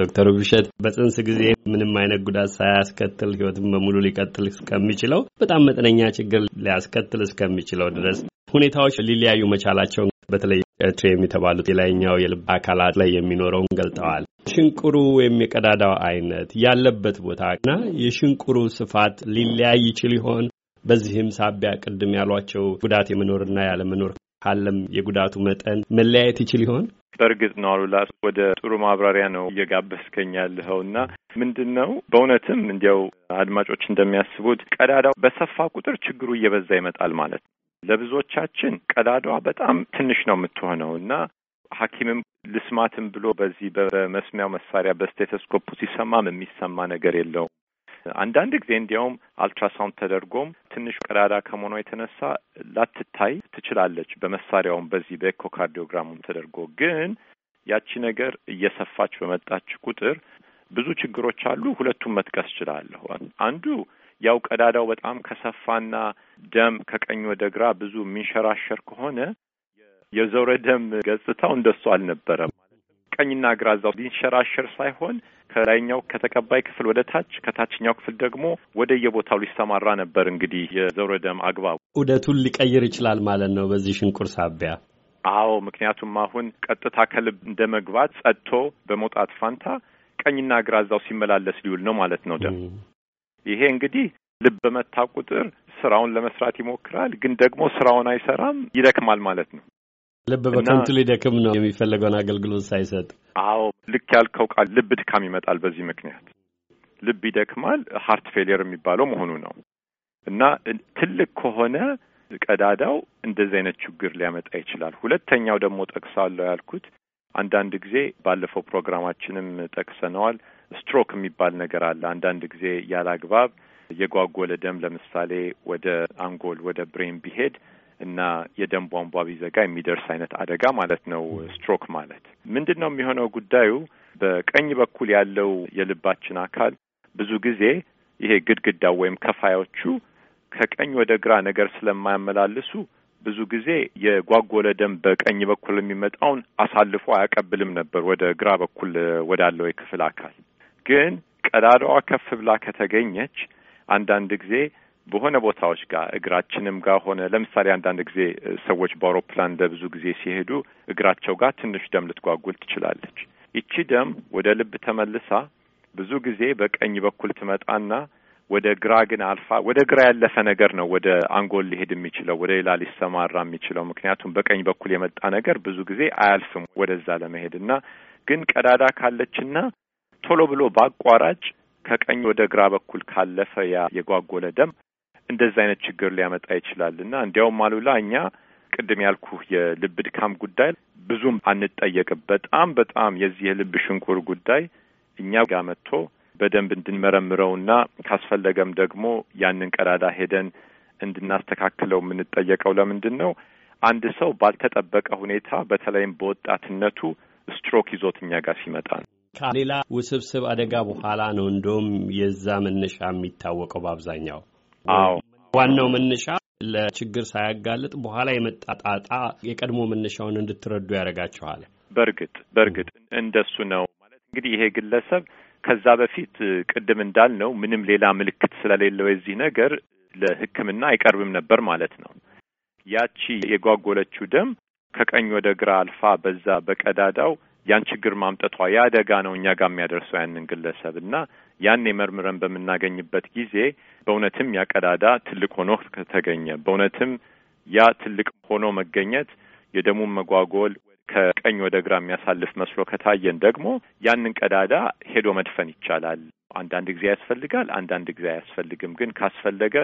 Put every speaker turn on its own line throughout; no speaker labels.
ዶክተር ውብሸት በጽንስ ጊዜ ምንም አይነት ጉዳት ሳያስከትል ህይወትን በሙሉ ሊቀጥል እስከሚችለው በጣም መጠነኛ ችግር ሊያስከትል እስከሚችለው ድረስ ሁኔታዎች ሊለያዩ መቻላቸውን በተለይ ኤርትሬ የተባሉት የላይኛው የልብ አካላት ላይ የሚኖረውን ገልጠዋል። ሽንቁሩ ወይም የቀዳዳው አይነት ያለበት ቦታና የሽንቁሩ ስፋት ሊለያይ ይችል ይሆን? በዚህም ሳቢያ ቅድም ያሏቸው ጉዳት የመኖርና ያለመኖር ካለም የጉዳቱ መጠን መለያየት ይችል ይሆን?
በእርግጥ ነው አሉላ፣ ወደ ጥሩ ማብራሪያ ነው እየጋበዝከኝ ያለኸው እና ምንድን ነው በእውነትም እንዲያው አድማጮች እንደሚያስቡት ቀዳዳው በሰፋ ቁጥር ችግሩ እየበዛ ይመጣል ማለት ነው። ለብዙዎቻችን ቀዳዳዋ በጣም ትንሽ ነው የምትሆነው እና ሐኪምም ልስማትም ብሎ በዚህ በመስሚያው መሳሪያ በስቴተስኮፑ ሲሰማም የሚሰማ ነገር የለውም። አንዳንድ ጊዜ እንዲያውም አልትራሳውንድ ተደርጎም ትንሽ ቀዳዳ ከመሆኗ የተነሳ ላትታይ ትችላለች። በመሳሪያውም በዚህ በኤኮካርዲዮግራሙም ተደርጎ ግን ያቺ ነገር እየሰፋች በመጣች ቁጥር ብዙ ችግሮች አሉ። ሁለቱም መጥቀስ ችላለሁ አንዱ ያው ቀዳዳው በጣም ከሰፋና ደም ከቀኝ ወደ ግራ ብዙ የሚንሸራሸር ከሆነ የዘውረ ደም ገጽታው እንደሱ አልነበረም። ቀኝና ግራ እዛው ሊንሸራሸር ሳይሆን ከላይኛው ከተቀባይ ክፍል ወደ ታች ከታችኛው ክፍል ደግሞ ወደ የቦታው ሊሰማራ ነበር። እንግዲህ የዘውረ ደም አግባቡ
ዑደቱን ሊቀይር ይችላል ማለት ነው በዚህ ሽንቁር ሳቢያ።
አዎ፣ ምክንያቱም አሁን ቀጥታ ከልብ እንደ መግባት ጸጥቶ በመውጣት ፋንታ ቀኝና ግራ እዛው ሲመላለስ ሊውል ነው ማለት ነው ደም። ይሄ እንግዲህ ልብ በመታ ቁጥር ስራውን ለመስራት ይሞክራል፣ ግን ደግሞ ስራውን አይሰራም፣ ይደክማል ማለት ነው።
ልብ በከንቱ ሊደክም ነው የሚፈለገውን አገልግሎት ሳይሰጥ። አዎ ልክ
ያልከው ቃል ልብ ድካም ይመጣል። በዚህ ምክንያት ልብ ይደክማል። ሀርት ፌሊየር የሚባለው መሆኑ ነው እና ትልቅ ከሆነ ቀዳዳው እንደዚህ አይነት ችግር ሊያመጣ ይችላል። ሁለተኛው ደግሞ ጠቅሳለሁ ያልኩት አንዳንድ ጊዜ ባለፈው ፕሮግራማችንም ጠቅሰነዋል። ስትሮክ የሚባል ነገር አለ። አንዳንድ ጊዜ ያለ አግባብ የጓጎለ ደም ለምሳሌ ወደ አንጎል ወደ ብሬን ቢሄድ እና የደም ቧንቧ ቢዘጋ የሚደርስ አይነት አደጋ ማለት ነው። ስትሮክ ማለት ምንድን ነው የሚሆነው? ጉዳዩ በቀኝ በኩል ያለው የልባችን አካል ብዙ ጊዜ ይሄ ግድግዳው ወይም ከፋዮቹ ከቀኝ ወደ ግራ ነገር ስለማያመላልሱ ብዙ ጊዜ የጓጎለ ደም በቀኝ በኩል የሚመጣውን አሳልፎ አያቀብልም ነበር ወደ ግራ በኩል ወዳለው የክፍል አካል። ግን ቀዳዳዋ ከፍ ብላ ከተገኘች አንዳንድ ጊዜ በሆነ ቦታዎች ጋር እግራችንም ጋር ሆነ ለምሳሌ አንዳንድ ጊዜ ሰዎች በአውሮፕላን ለብዙ ጊዜ ሲሄዱ እግራቸው ጋር ትንሽ ደም ልትጓጉል ትችላለች። ይቺ ደም ወደ ልብ ተመልሳ ብዙ ጊዜ በቀኝ በኩል ትመጣና ወደ ግራ ግን አልፋ ወደ ግራ ያለፈ ነገር ነው ወደ አንጎል ሊሄድ የሚችለው ወደ ሌላ ሊሰማራ የሚችለው ምክንያቱም በቀኝ በኩል የመጣ ነገር ብዙ ጊዜ አያልፍም ወደዛ ለመሄድ እና ግን ቀዳዳ ካለችና ቶሎ ብሎ በአቋራጭ ከቀኝ ወደ ግራ በኩል ካለፈ ያ የጓጎለ ደም እንደዚህ አይነት ችግር ሊያመጣ ይችላል እና እንዲያውም አሉላ እኛ ቅድም ያልኩህ የልብ ድካም ጉዳይ ብዙም አንጠየቅም። በጣም በጣም የዚህ የልብ ሽንኩር ጉዳይ እኛ ጋር መጥቶ በደንብ እንድንመረምረውና ካስፈለገም ደግሞ ያንን ቀዳዳ ሄደን እንድናስተካክለው የምንጠየቀው ለምንድን ነው? አንድ ሰው ባልተጠበቀ ሁኔታ በተለይም በወጣትነቱ ስትሮክ ይዞት እኛ ጋር ሲመጣ ነው።
ከሌላ ውስብስብ አደጋ በኋላ ነው እንደውም የዛ መነሻ የሚታወቀው በአብዛኛው አዎ ዋናው መነሻ ለችግር ሳያጋልጥ በኋላ የመጣ ጣጣ የቀድሞ መነሻውን እንድትረዱ ያደርጋችኋል።
በእርግጥ በእርግጥ እንደሱ ነው ማለት እንግዲህ ይሄ ግለሰብ ከዛ በፊት ቅድም እንዳልነው ምንም ሌላ ምልክት ስለሌለው የዚህ ነገር ለሕክምና አይቀርብም ነበር ማለት ነው። ያቺ የጓጎለችው ደም ከቀኝ ወደ ግራ አልፋ በዛ በቀዳዳው ያን ችግር ማምጠቷ የአደጋ ነው እኛ ጋር የሚያደርሰው ያንን ግለሰብ እና ያኔ የመርምረን በምናገኝበት ጊዜ በእውነትም ያ ቀዳዳ ትልቅ ሆኖ ከተገኘ በእውነትም ያ ትልቅ ሆኖ መገኘት የደሙን መጓጎል ከቀኝ ወደ ግራ የሚያሳልፍ መስሎ ከታየን ደግሞ ያንን ቀዳዳ ሄዶ መድፈን ይቻላል። አንዳንድ ጊዜ ያስፈልጋል፣ አንዳንድ ጊዜ አያስፈልግም። ግን ካስፈለገ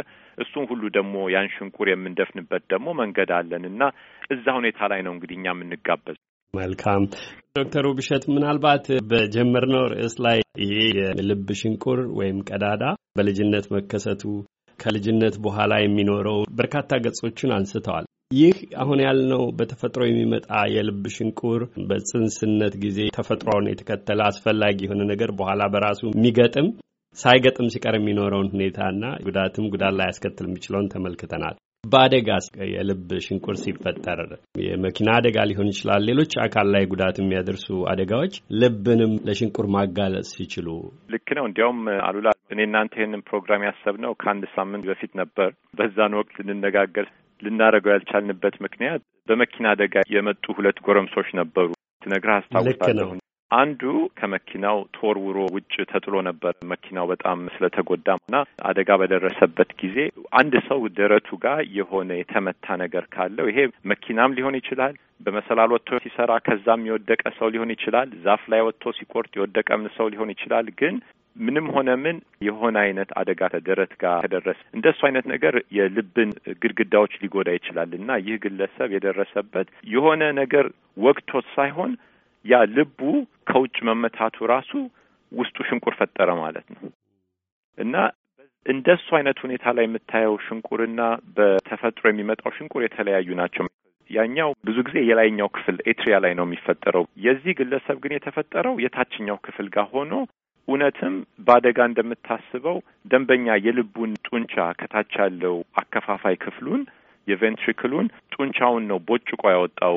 እሱን ሁሉ ደግሞ ያን ሽንቁር የምንደፍንበት ደግሞ መንገድ አለን እና እዛ ሁኔታ ላይ ነው እንግዲህ እኛ የምንጋበዝ
መልካም ዶክተር ውብሸት ምናልባት በጀመርነው ርዕስ ላይ ይሄ የልብ ሽንቁር ወይም ቀዳዳ በልጅነት መከሰቱ ከልጅነት በኋላ የሚኖረው በርካታ ገጾችን አንስተዋል። ይህ አሁን ያልነው በተፈጥሮ የሚመጣ የልብ ሽንቁር በጽንስነት ጊዜ ተፈጥሮን የተከተለ አስፈላጊ የሆነ ነገር በኋላ በራሱ የሚገጥም ሳይገጥም ሲቀር የሚኖረውን ሁኔታና ጉዳትም ጉዳት ላይ ያስከትል የሚችለውን ተመልክተናል። በአደጋ የልብ ሽንቁር ሲፈጠር የመኪና አደጋ ሊሆን ይችላል። ሌሎች አካል ላይ ጉዳት የሚያደርሱ አደጋዎች ልብንም ለሽንቁር ማጋለጽ ሲችሉ
ልክ ነው። እንዲያውም አሉላ እኔ እናንተ ይህንን ፕሮግራም ያሰብነው ከአንድ ሳምንት በፊት ነበር። በዛን ወቅት ልንነጋገር ልናደርገው ያልቻልንበት ምክንያት በመኪና አደጋ የመጡ ሁለት ጎረምሶች ነበሩ። ትነግረህ አስታውሳለሁ። አንዱ ከመኪናው ተወርውሮ ውጭ ተጥሎ ነበር። መኪናው በጣም ስለተጎዳና አደጋ በደረሰበት ጊዜ አንድ ሰው ደረቱ ጋር የሆነ የተመታ ነገር ካለው ይሄ መኪናም ሊሆን ይችላል። በመሰላል ወጥቶ ሲሰራ ከዛም የወደቀ ሰው ሊሆን ይችላል። ዛፍ ላይ ወጥቶ ሲቆርጥ የወደቀም ሰው ሊሆን ይችላል። ግን ምንም ሆነ ምን የሆነ አይነት አደጋ ከደረት ጋር ከደረሰ እሱ አይነት ነገር የልብን ግድግዳዎች ሊጎዳ ይችላል እና ይህ ግለሰብ የደረሰበት የሆነ ነገር ወቅቶት ሳይሆን ያ ልቡ ከውጭ መመታቱ ራሱ ውስጡ ሽንቁር ፈጠረ ማለት ነው እና እንደሱ አይነት ሁኔታ ላይ የምታየው ሽንቁርና በተፈጥሮ የሚመጣው ሽንቁር የተለያዩ ናቸው። ያኛው ብዙ ጊዜ የላይኛው ክፍል ኤትሪያ ላይ ነው የሚፈጠረው። የዚህ ግለሰብ ግን የተፈጠረው የታችኛው ክፍል ጋር ሆኖ እውነትም በአደጋ እንደምታስበው ደንበኛ የልቡን ጡንቻ ከታች ያለው አከፋፋይ ክፍሉን የቬንትሪክሉን ጡንቻውን ነው ቦጭቆ ያወጣው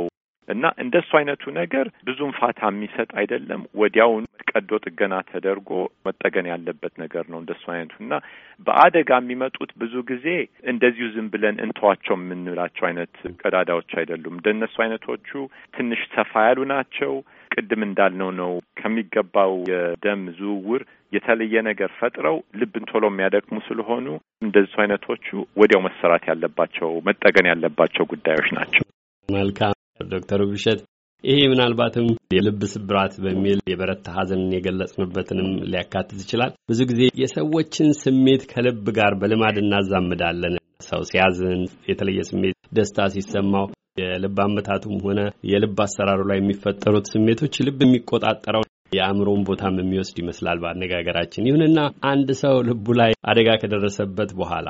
እና እንደሱ አይነቱ ነገር ብዙም ፋታ የሚሰጥ አይደለም። ወዲያውን ቀዶ ጥገና ተደርጎ መጠገን ያለበት ነገር ነው። እንደሱ አይነቱ እና በአደጋ የሚመጡት ብዙ ጊዜ እንደዚሁ ዝም ብለን እንተዋቸው የምንላቸው አይነት ቀዳዳዎች አይደሉም። እንደነሱ አይነቶቹ ትንሽ ሰፋ ያሉ ናቸው። ቅድም እንዳልነው ነው ከሚገባው የደም ዝውውር የተለየ ነገር ፈጥረው ልብን ቶሎ የሚያደክሙ ስለሆኑ እንደዚ አይነቶቹ ወዲያው መሰራት ያለባቸው መጠገን ያለባቸው ጉዳዮች ናቸው።
መልካም ዶክተር ብሸት ይሄ ምናልባትም የልብ ስብራት በሚል የበረታ ሐዘንን የገለጽንበትንም ሊያካትት ይችላል። ብዙ ጊዜ የሰዎችን ስሜት ከልብ ጋር በልማድ እናዛምዳለን። ሰው ሲያዝን፣ የተለየ ስሜት ደስታ ሲሰማው የልብ አመታቱም ሆነ የልብ አሰራሩ ላይ የሚፈጠሩት ስሜቶች ልብ የሚቆጣጠረው የአእምሮን ቦታም የሚወስድ ይመስላል በአነጋገራችን። ይሁንና አንድ ሰው ልቡ ላይ አደጋ ከደረሰበት በኋላ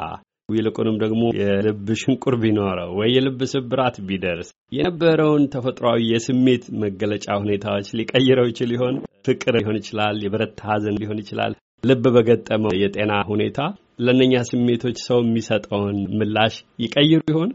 ይልቁንም ደግሞ የልብ ሽንቁር ቢኖረው ወይ የልብ ስብራት ቢደርስ የነበረውን ተፈጥሯዊ የስሜት መገለጫ ሁኔታዎች ሊቀይረው ይችል ይሆን? ፍቅር ሊሆን ይችላል፣ የበረታ ሐዘን ሊሆን ይችላል። ልብ በገጠመው የጤና ሁኔታ ለእነኛ ስሜቶች ሰው የሚሰጠውን ምላሽ ይቀይሩ ይሆን?